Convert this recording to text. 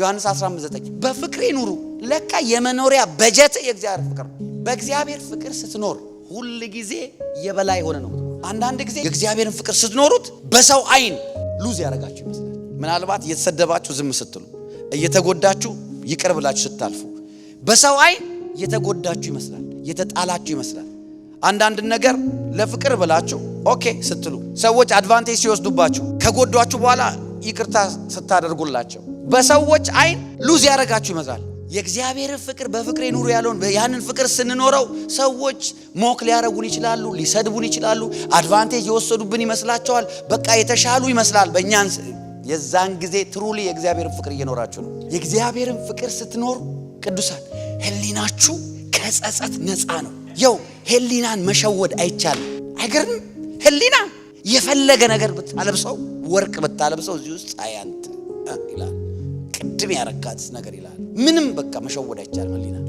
ዮሐንስ 15:9 በፍቅር ይኑሩ ለካ የመኖሪያ በጀት የእግዚአብሔር ፍቅር ነው። በእግዚአብሔር ፍቅር ስትኖር ሁል ጊዜ የበላይ የሆነ ነው። አንዳንድ ጊዜ የእግዚአብሔርን ፍቅር ስትኖሩት በሰው አይን ሉዝ ያደረጋችሁ ይመስላል። ምናልባት እየተሰደባችሁ ዝም ስትሉ፣ እየተጎዳችሁ ይቅር ብላችሁ ስታልፉ፣ በሰው አይን የተጎዳችሁ ይመስላል፣ የተጣላችሁ ይመስላል። አንዳንድ ነገር ለፍቅር ብላችሁ ኦኬ ስትሉ ሰዎች አድቫንቴጅ ሲወስዱባችሁ ከጎዷችሁ በኋላ ይቅርታ ስታደርጉላቸው በሰዎች አይን ሉዝ ያደረጋችሁ ይመስላል። የእግዚአብሔርን ፍቅር በፍቅሬ ኑሩ ያለውን ያንን ፍቅር ስንኖረው ሰዎች ሞክ ሊያረጉን ይችላሉ፣ ሊሰድቡን ይችላሉ፣ አድቫንቴጅ የወሰዱብን ይመስላቸዋል። በቃ የተሻሉ ይመስላል በእኛን። የዛን ጊዜ ትሩሊ የእግዚአብሔርን ፍቅር እየኖራችሁ ነው። የእግዚአብሔርን ፍቅር ስትኖሩ ቅዱሳን ህሊናችሁ ከጸጸት ነፃ ነው። የው ህሊናን መሸወድ አይቻልም። አይገርም? ህሊና የፈለገ ነገር ብታለብሰው ወርቅ ብታለብሰው እዚህ ውስጥ አይ ይላል። ቅድም ያረካት ነገር ይላል። ምንም በቃ መሸወድ አይቻልም።